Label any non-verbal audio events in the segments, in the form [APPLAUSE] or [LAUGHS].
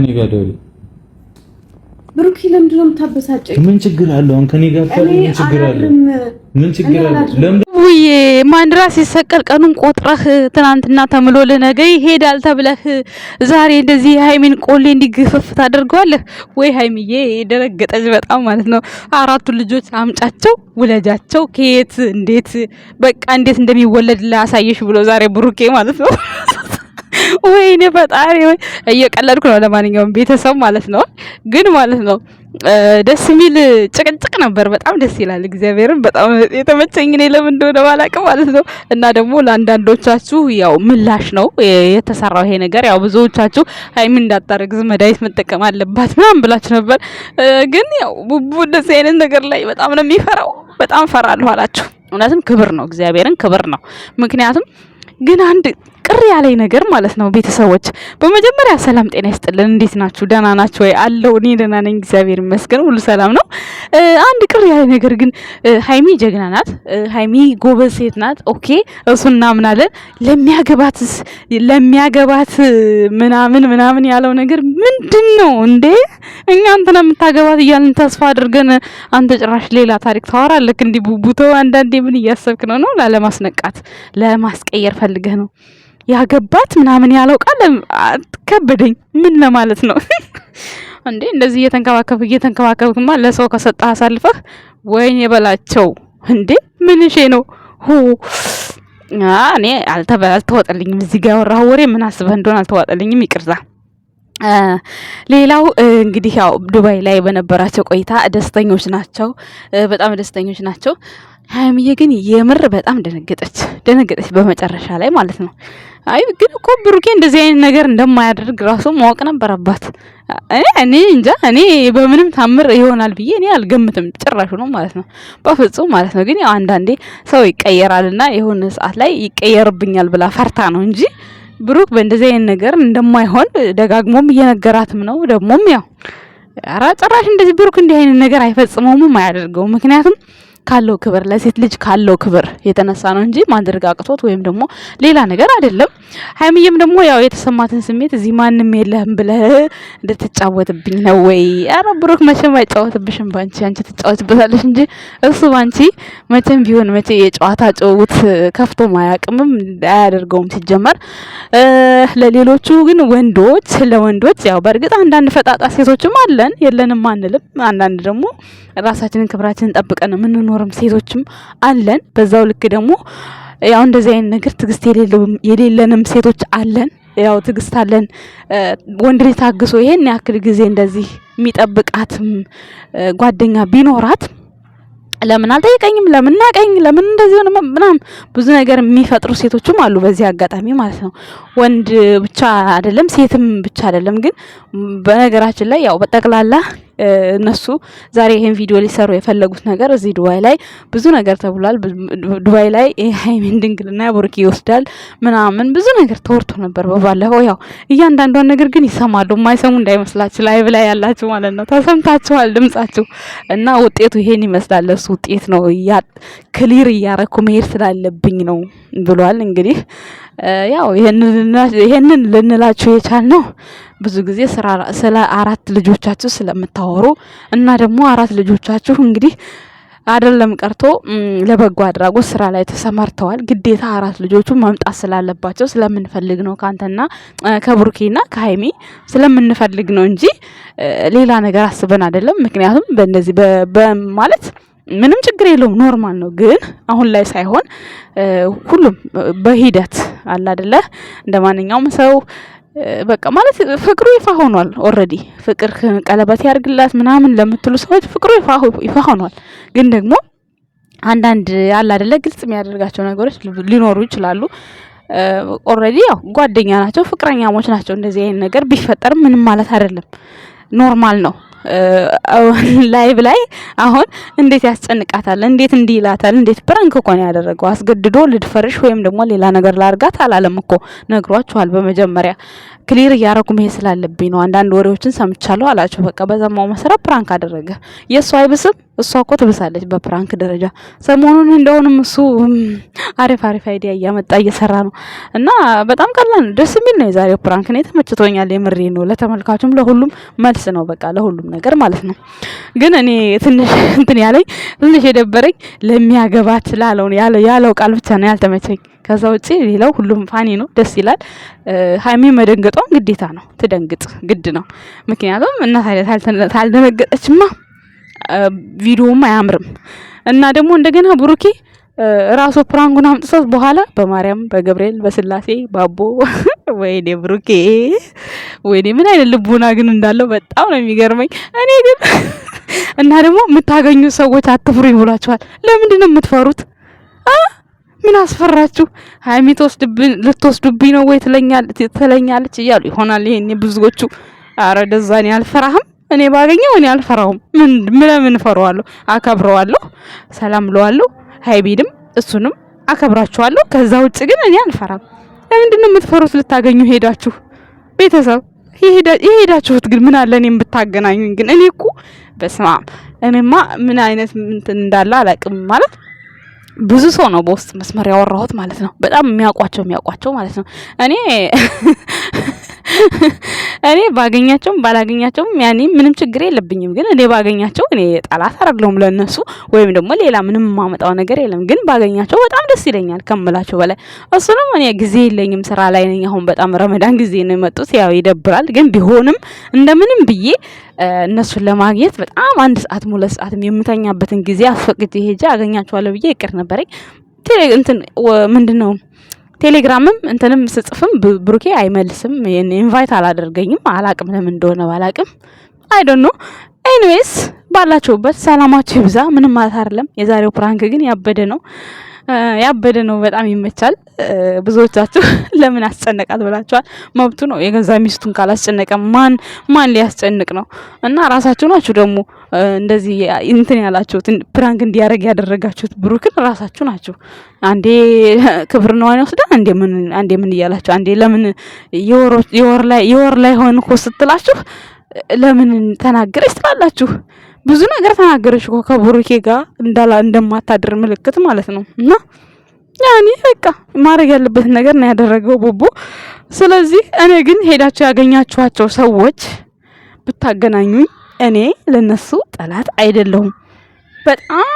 ከኔ ጋር ደውል። ብሩክ ለምንድን ነው የምታበሳጨኝ? ምን ችግር አለው? አሁን ከኔ ጋር ምን ችግር አለው? ምን ችግር አለው? ውዬ ማን ራስ ይሰቀል? ቀኑን ቆጥረህ ትናንትና ተምሎልህ ነገ ይሄዳል ተብለህ ዛሬ እንደዚህ የሀይሚን ቆሌ እንዲግፍፍ ታደርገዋለህ ወይ? ሃይሚዬ ደረገጠች በጣም ማለት ነው። አራቱ ልጆች አምጫቸው፣ ውለጃቸው። ከየት እንዴት በቃ እንዴት እንደሚወለድ ላሳየሽ ብሎ ዛሬ ብሩኬ ማለት ነው ወይኔ ፈጣሪ ወይ እየቀለድኩ ነው። ለማንኛውም ቤተሰብ ማለት ነው ግን ማለት ነው ደስ የሚል ጭቅጭቅ ነበር። በጣም ደስ ይላል። እግዚአብሔርን በጣም የተመቸኝ እኔ ለምን እንደሆነ ባላቅም ማለት ነው። እና ደግሞ ለአንዳንዶቻችሁ ያው ምላሽ ነው የተሰራው ይሄ ነገር። ያው ብዙዎቻችሁ ሀይሚ እንዳታረግዝ መድኃኒት መጠቀም አለባት ምናምን ብላችሁ ነበር። ግን ያው ቡቡ እንደዚህ አይነት ነገር ላይ በጣም ነው የሚፈራው። በጣም ፈራለሁ አላችሁ። እውነትም ክብር ነው፣ እግዚአብሔርን ክብር ነው። ምክንያቱም ግን አንድ ቅር ያለኝ ነገር ማለት ነው ቤተሰቦች፣ በመጀመሪያ ሰላም ጤና ይስጥልን። እንዴት ናችሁ? ደህና ናችሁ ወይ? አለው እኔ ደህና ነኝ፣ እግዚአብሔር ይመስገን፣ ሁሉ ሰላም ነው። አንድ ቅር ያለኝ ነገር ግን ሀይሚ ጀግና ናት፣ ሀይሚ ጎበዝ ሴት ናት። ኦኬ እሱ እናምናለን። ለሚያገባት ለሚያገባት ምናምን ምናምን ያለው ነገር ምንድን ነው እንዴ? እኛ አንተና የምታገባት እያልን ተስፋ አድርገን አንተ ጭራሽ ሌላ ታሪክ ታወራለህ። እንዲህ ቡቡተው አንዳንዴ ምን እያሰብክ ነው ነው ላለማስነቃት ለማስቀየር ፈልገህ ነው ያገባት ምናምን ያለው ቃል ከበደኝ። ምን ለማለት ነው [LAUGHS] እንዴ? እንደዚህ እየተንከባከብ እየተንከባከብማ ለሰው ከሰጠህ አሳልፈህ ወይን የበላቸው እንዴ ምንሼ ነው ሁ እኔ አልተወጠልኝም። እዚህ ጋር ያወራሁ ወሬ ምን አስበህ እንደሆነ አልተዋጠልኝም። ይቅርታ ሌላው እንግዲህ ያው ዱባይ ላይ በነበራቸው ቆይታ ደስተኞች ናቸው፣ በጣም ደስተኞች ናቸው። ሀይሚዬ ግን የምር በጣም ደነገጠች ደነገጠች በመጨረሻ ላይ ማለት ነው። አይ ግን እኮ ብሩኬ እንደዚህ አይነት ነገር እንደማያደርግ ራሱ ማወቅ ነበረባት። እኔ እንጃ እኔ በምንም ታምር ይሆናል ብዬ እኔ አልገምትም ጭራሹ ነው ማለት ነው፣ በፍጹም ማለት ነው። ግን ያው አንዳንዴ ሰው ይቀየራልና የሆነ ሰዓት ላይ ይቀየርብኛል ብላ ፈርታ ነው እንጂ ብሩክ በእንደዚህ አይነት ነገር እንደማይሆን ደጋግሞም እየነገራትም ነው። ደግሞም ያው ኧረ ጭራሽ እንደዚህ ብሩክ እንዲህ አይነት ነገር አይፈጽመውም አያደርገውም። ምክንያቱም ካለው ክብር ለሴት ልጅ ካለው ክብር የተነሳ ነው እንጂ ማድረግ አቅቶት ወይም ደግሞ ሌላ ነገር አይደለም። ሀይሚዬም ደግሞ ያው የተሰማትን ስሜት እዚህ ማንም የለህም ብለህ እንድትጫወትብኝ ነው ወይ? አረ ብሩክ መቼም አይጫወትብሽም ባንቺ። አንቺ ትጫወትበታለሽ እንጂ እሱ ባንቺ መቼም ቢሆን መቼ የጨዋታ ጭውውት ከፍቶ ማያቅምም አያደርገውም። ሲጀመር ለሌሎቹ ግን ወንዶች ለወንዶች ያው በእርግጥ አንዳንድ ፈጣጣ ሴቶችም አለን የለንም አንልም። አንዳንድ ደግሞ ራሳችንን ክብራችንን ጠብቀን የምንኖ አይኖርም። ሴቶችም አለን። በዛው ልክ ደግሞ ያው እንደዚህ አይነት ነገር ትግስት የሌለንም ሴቶች አለን። ያው ትግስት አለን። ወንድ ልጅ ታግሶ ይሄን ያክል ጊዜ እንደዚህ የሚጠብቃትም ጓደኛ ቢኖራት ለምን አልጠይቀኝም? ለምን ናቀኝ? ለምን እንደዚህ ሆነ? ምናምን ብዙ ነገር የሚፈጥሩ ሴቶችም አሉ፣ በዚህ አጋጣሚ ማለት ነው። ወንድ ብቻ አይደለም፣ ሴትም ብቻ አይደለም። ግን በነገራችን ላይ ያው በጠቅላላ እነሱ ዛሬ ይሄን ቪዲዮ ሊሰሩ የፈለጉት ነገር እዚህ ዱባይ ላይ ብዙ ነገር ተብሏል። ዱባይ ላይ ሀይሚን ድንግልና ቡርኪ ይወስዳል ምናምን ብዙ ነገር ተወርቶ ነበር በባለፈው። ያው እያንዳንዷን ነገር ግን ይሰማሉ፣ የማይሰሙ እንዳይመስላችሁ። ላይቭ ላይ ያላችሁ ማለት ነው ተሰምታችኋል ድምጻችሁ እና ውጤቱ ይሄን ይመስላል። እሱ ውጤት ነው ክሊር እያረኩ መሄድ ስላለብኝ ነው። ብሏል። እንግዲህ ያው ይሄንን ልንላችሁ የቻል ነው ብዙ ጊዜ ስለ አራት ልጆቻችሁ ስለምታወሩ እና ደግሞ አራት ልጆቻችሁ እንግዲህ አይደለም ቀርቶ ለበጎ አድራጎት ስራ ላይ ተሰማርተዋል። ግዴታ አራት ልጆቹ መምጣት ስላለባቸው ስለምንፈልግ ነው ከአንተና ከቡርኪና ከሀይሚ ስለምንፈልግ ነው እንጂ ሌላ ነገር አስበን አይደለም። ምክንያቱም በእነዚህ ማለት ምንም ችግር የለውም፣ ኖርማል ነው። ግን አሁን ላይ ሳይሆን ሁሉም በሂደት አለ አደለ፣ እንደ ማንኛውም ሰው በቃ ማለት ፍቅሩ ይፋ ሆኗል። ኦልሬዲ ፍቅር ቀለበት ያርግላት ምናምን ለምትሉ ሰዎች ፍቅሩ ይፋ ሆኗል። ግን ደግሞ አንዳንድ አለ አደለ፣ ግልጽ የሚያደርጋቸው ነገሮች ሊኖሩ ይችላሉ። ኦልሬዲ ያው ጓደኛ ናቸው፣ ፍቅረኛሞች ናቸው። እንደዚህ አይነት ነገር ቢፈጠርም ምንም ማለት አይደለም፣ ኖርማል ነው። ላይቭ ላይ አሁን እንዴት ያስጨንቃታል፣ እንዴት እንዲህ ይላታል፣ እንዴት ፕራንክ እኮ ነው ያደረገው። አስገድዶ ልድፈርሽ ወይም ደግሞ ሌላ ነገር ላርጋት አላለም እኮ ነግሯችኋል። በመጀመሪያ ክሊር እያረጉ መሄድ ስላለብኝ ነው፣ አንዳንድ ወሬዎችን ሰምቻለሁ አላችሁ። በቃ በዘማው መሰረት ፕራንክ አደረገ። የእሱ አይብስም፣ እሷ እኮ ትብሳለች በፕራንክ ደረጃ። ሰሞኑን እንደውም እሱ አሪፍ አሪፍ አይዲያ እያመጣ እየሰራ ነው እና በጣም ቀላል ደስ የሚል ነው የዛሬው ፕራንክ። እኔ ተመችቶኛል፣ የምሬ ነው። ለተመልካቹም ለሁሉም መልስ ነው በቃ ለሁሉም ነገር ማለት ነው። ግን እኔ ትንሽ እንትን ያለኝ ትንሽ የደበረኝ ለሚያገባት ላለው ያለው ቃል ብቻ ነው ያልተመቸኝ። ከዛ ውጪ ሌላው ሁሉም ፋኒ ነው፣ ደስ ይላል። ሀይሚ መደንገጧም ግዴታ ነው፣ ትደንግጥ ግድ ነው። ምክንያቱም እና ታልደነገጠችማ ቪዲዮውም አያምርም። እና ደግሞ እንደገና ብሩኬ ራሱ ፕራንጉን አምጥቶት በኋላ በማርያም በገብርኤል በስላሴ ባቦ [LAUGHS] ወይኔ ብሩኬ ወይኔ ምን አይነት ልቡና ግን እንዳለው በጣም ነው የሚገርመኝ። እኔ ግን [LAUGHS] እና ደግሞ የምታገኙ ሰዎች አትፍሩ ይብሏቸዋል። ለምንድን ነው የምትፈሩት? ምን አስፈራችሁ? ሀይሚ ልትወስዱብኝ ነው ወይ ትለኛለች እያሉ ይሆናል። ይሄኔ ብዙዎቹ አረ ደዛ እኔ አልፈራህም እኔ ባገኘው እኔ አልፈራውም። ምን ለምን እፈራዋለሁ? አከብረዋለሁ፣ ሰላም ብለዋለሁ። ሀይቤድም እሱንም አከብራችኋለሁ። ከዛ ውጭ ግን እኔ አልፈራም። ለምንድን ነው የምትፈሩት? ልታገኙ ሄዳችሁ ቤተሰብ የሄዳችሁት ግን ምን አለ እኔ የምታገናኙኝ ግን እኔ እኮ በስማም እኔማ ምን አይነት ምንትን እንዳለ አላቅም ማለት ብዙ ሰው ነው በውስጥ መስመር ያወራሁት ማለት ነው። በጣም የሚያውቋቸው የሚያውቋቸው ማለት ነው። እኔ [LAUGHS] እኔ ባገኛቸውም ባላገኛቸውም ያኔ ምንም ችግር የለብኝም። ግን እኔ ባገኛቸው እኔ ጠላት አይደለሁም ለእነሱ ወይም ደግሞ ሌላ ምንም የማመጣው ነገር የለም። ግን ባገኛቸው በጣም ደስ ይለኛል ከምላቸው በላይ እሱንም እኔ ጊዜ የለኝም፣ ስራ ላይ ነኝ። አሁን በጣም ረመዳን ጊዜ ነው የመጡት። ያው ይደብራል። ግን ቢሆንም እንደምንም ብዬ እነሱን ለማግኘት በጣም አንድ ሰዓትም ሁለት ሰዓትም የምተኛበትን ጊዜ አስፈቅጄ ሄጄ አገኛቸዋለሁ ብዬ ይቅር ነበረኝ። እንትን ምንድን ነው ቴሌግራምም እንትንም ስጽፍም ብሩኬ አይመልስም። ኢንቫይት አላደርገኝም። አላቅም ለምን እንደሆነ ባላቅም አይ ዶንት ኖ። ኤኒዌይስ ባላችሁበት ሰላማችሁ ይብዛ። ምንም ማለት አይደለም። የዛሬው ፕራንክ ግን ያበደ ነው። ያበደ ነው። በጣም ይመቻል። ብዙዎቻችሁ [LAUGHS] ለምን አስጨነቃት ብላችኋል። መብቱ ነው። የገዛ ሚስቱን ካላስጨነቀ ማን ማን ሊያስጨንቅ ነው? እና ራሳችሁ ናችሁ ደግሞ እንደዚህ እንትን ያላችሁት ፕራንክ እንዲያደርግ ያደረጋችሁት ብሩክን ራሳችሁ ናችሁ። አንዴ [LAUGHS] ክብር ነው ዋን ወስዳ አንዴ ምን አንዴ ምን እያላችሁ አንዴ ለምን የወር ላይ የወር ላይ ሆንኩ ስትላችሁ ለምን ተናገረች ትላላችሁ። ብዙ ነገር ተናገረች እኮ ጋር እንዳላ እንደማታድር ምልክት ማለት ነው። እና ያኔ በቃ ማድረግ ያለበትን ነገር ነው ያደረገው ቡቡ። ስለዚህ እኔ ግን ሄዳችሁ ያገኛችኋቸው ሰዎች ብታገናኙኝ እኔ ለነሱ ጠላት አይደለሁም በጣም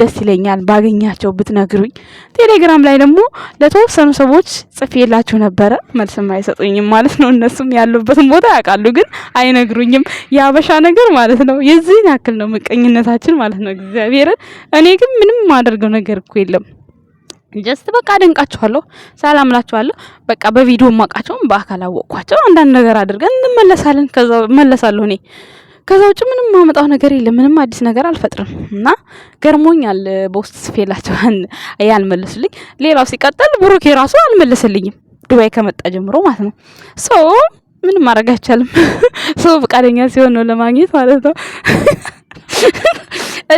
ደስ ይለኛል ባገኛቸው ብትነግሩኝ። ቴሌግራም ላይ ደግሞ ለተወሰኑ ሰዎች ጽፌላችሁ ነበረ፣ መልስም አይሰጡኝም ማለት ነው። እነሱም ያሉበትን ቦታ ያውቃሉ፣ ግን አይነግሩኝም። የአበሻ ነገር ማለት ነው። የዚህን ያክል ነው ምቀኝነታችን ማለት ነው። እግዚአብሔርን እኔ ግን ምንም ማደርገው ነገር እኮ የለም ጀስት በቃ አደንቃችኋለሁ፣ ሰላም ላችኋለሁ። በቃ በቪዲዮ ማውቃቸውን በአካል አወቅኳቸው። አንዳንድ ነገር አድርገን እንመለሳለን። ከዛ መለሳለሁ እኔ ከዛ ውጭ ምንም ማመጣው ነገር የለም። ምንም አዲስ ነገር አልፈጥርም እና ገርሞኛል። በውስጥ ስፌላቸው [LAUGHS] ያልመለሱልኝ። ሌላው ሲቀጥል ብሩኬ ራሱ አልመለሰልኝም ዱባይ ከመጣ ጀምሮ ማለት ነው። ሶ ምንም ማድረግ አይቻልም። [LAUGHS] ሰው ፈቃደኛ ሲሆን ነው ለማግኘት ማለት ነው። [LAUGHS]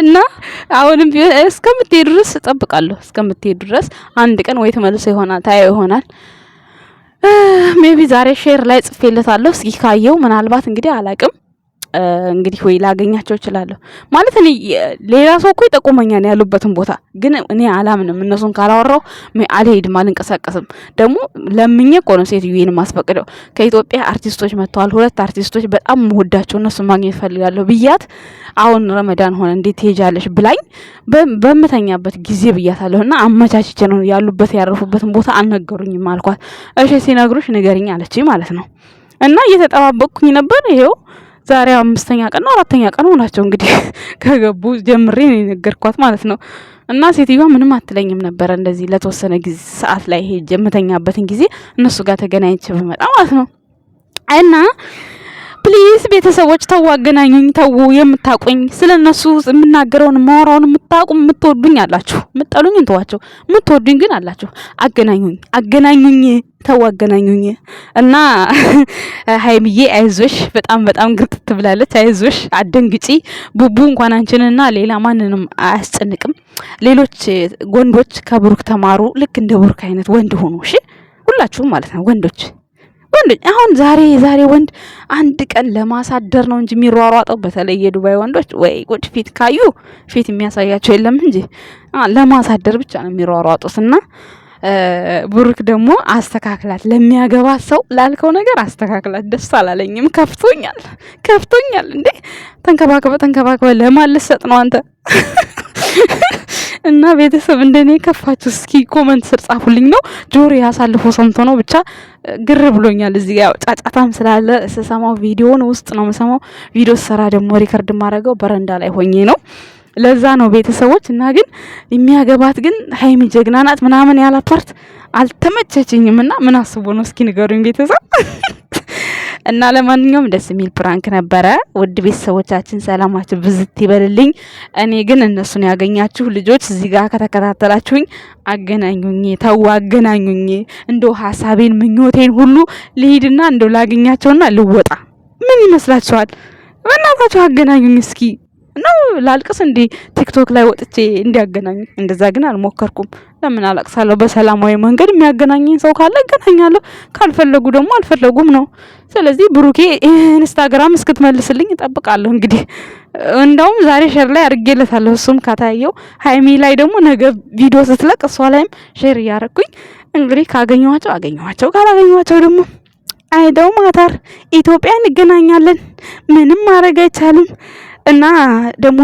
እና አሁንም እስከምትሄድ ድረስ እጠብቃለሁ። እስከምትሄድ ድረስ አንድ ቀን ወይ ተመልሶ ይሆናል ታየው ይሆናል። [SIGHS] ሜቢ ዛሬ ሼር ላይ ጽፌለታለሁ። እስኪ ካየው ምናልባት እንግዲህ አላቅም እንግዲህ ወይ ላገኛቸው እችላለሁ ማለት እኔ ሌላ ሰው እኮ ይጠቁመኛል ያሉበትን ቦታ ግን እኔ አላምንም። እነሱን ካላወራው አልሄድም፣ አልንቀሳቀስም። ደግሞ ለምኜ እኮ ነው ሴትዮን ማስፈቅደው። ከኢትዮጵያ አርቲስቶች መጥተዋል፣ ሁለት አርቲስቶች በጣም መወዳቸው፣ እነሱ ማግኘት ፈልጋለሁ ብያት፣ አሁን ረመዳን ሆነ እንዴት ትሄጃለሽ ብላኝ በምተኛበት ጊዜ ብያታለሁ። እና አመቻችቼ ነው ያሉበት ያረፉበትን ቦታ አልነገሩኝም አልኳት። እሺ ሲነግሩሽ ንገሪኝ አለችኝ ማለት ነው። እና እየተጠባበቅኩኝ ነበር ይሄው ዛሬ አምስተኛ ቀን ነው አራተኛ ቀን ሆናቸው እንግዲህ [LAUGHS] ከገቡ ጀምሬ የነገርኳት ማለት ነው። እና ሴትዮዋ ምንም አትለኝም ነበረ። እንደዚህ ለተወሰነ ጊዜ ሰዓት ላይ ሄጄ የምተኛበትን ጊዜ እነሱ ጋር ተገናኝቼ ብመጣ ማለት ነው እና ፕሊዝ ቤተሰቦች ተው፣ አገናኙኝ፣ ተው። የምታቁኝ ስለ እነሱ የምናገረውን ማወራውን የምታቁ የምትወዱኝ አላችሁ፣ የምጠሉኝ እንተዋቸው፣ የምትወዱኝ ግን አላችሁ። አገናኙኝ፣ አገናኙኝ ተው አገናኙኝ እና [LAUGHS] ሀይምዬ አይዞሽ፣ በጣም በጣም ግርጥት ትብላለች። አይዞሽ፣ አደንግጪ። ቡቡ እንኳን አንቺንና ሌላ ማንንም አያስጨንቅም። ሌሎች ወንዶች ከብሩክ ተማሩ፣ ልክ እንደ ብሩክ አይነት ወንድ ሆኑ። እሺ፣ ሁላችሁም ማለት ነው ወንዶች ወንዶች አሁን ዛሬ ዛሬ ወንድ አንድ ቀን ለማሳደር ነው እንጂ የሚሯሯጠው በተለይ የዱባይ ወንዶች ወይ ጉድ! ፊት ካዩ ፊት የሚያሳያቸው የለም እንጂ ለማሳደር ብቻ ነው የሚሯሯጡት እና ብሩክ ደግሞ አስተካክላት፣ ለሚያገባ ሰው ላልከው ነገር አስተካክላት። ደስ አላለኝም። ከፍቶኛል፣ ከፍቶኛል። እንዴ ተንከባከበ ተንከባከበ ለማን ልሰጥ ነው አንተ? እና ቤተሰብ እንደኔ ከፋችሁ እስኪ ኮመንት ስር ጻፉልኝ። ነው ጆሮ ያሳልፎ ሰምቶ ነው ብቻ ግር ብሎኛል። እዚህ ጋር ጫጫታም ስላለ ስሰማው ቪዲዮን ውስጥ ነው የምሰማው። ቪዲዮ ስሰራ ደግሞ ሪከርድ ማድረገው በረንዳ ላይ ሆኜ ነው። ለዛ ነው ቤተሰቦች እና ግን የሚያገባት ግን ሀይሚ ጀግና ናት ምናምን ያላፓርት ፓርት አልተመቸችኝም። እና ምን አስቦ ነው እስኪ ንገሩኝ ቤተሰብ። [LAUGHS] እና ለማንኛውም ደስ የሚል ፕራንክ ነበረ። ውድ ቤተሰቦቻችን ሰላማችሁ ብዝት ይበልልኝ። እኔ ግን እነሱን ያገኛችሁ ልጆች እዚህ ጋር ከተከታተላችሁኝ አገናኙኝ፣ ተው አገናኙኝ። እንደው ሀሳቤን ምኞቴን ሁሉ ልሂድና እንደው ላገኛቸውና ልወጣ ምን ይመስላችኋል? በእናታችሁ አገናኙኝ እስኪ እና ላልቅስ እንዲ ቲክቶክ ላይ ወጥቼ እንዲያገናኝ? እንደዛ ግን አልሞከርኩም። ለምን አለቅሳለሁ? በሰላማዊ መንገድ የሚያገናኘኝ ሰው ካለ እገናኛለሁ፣ ካልፈለጉ ደግሞ አልፈለጉም ነው። ስለዚህ ብሩኬ ኢንስታግራም እስክትመልስልኝ እጠብቃለሁ። እንግዲህ እንደውም ዛሬ ሼር ላይ አድርጌለታለሁ፣ እሱም ካታየው። ሀይሚ ላይ ደግሞ ነገ ቪዲዮ ስትለቅ እሷ ላይም ሼር እያረኩኝ እንግዲህ ካገኘኋቸው አገኘኋቸው፣ ካላገኘኋቸው ደግሞ አይደው ማታር ኢትዮጵያ እንገናኛለን። ምንም ማድረግ አይቻልም። እና ደግሞ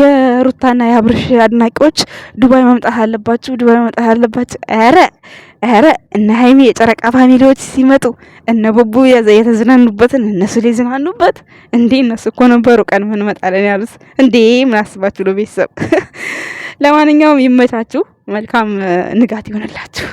የሩታና የአብርሽ አድናቂዎች ዱባይ መምጣት አለባችሁ፣ ዱባይ መምጣት አለባችሁ። ኧረ ኧረ እነ ሀይሚ የጨረቃ ፋሚሊዎች ሲመጡ እነ ቦቦ የተዝናኑበትን እነሱ ሊዝናኑበት እንዴ! እነሱ እኮ ነበሩ ቀን ምን መጣለን ያሉት እንዴ! ምን አስባችሁ ነው ቤተሰብ? [LAUGHS] ለማንኛውም ይመቻችሁ፣ መልካም ንጋት ይሆንላችሁ።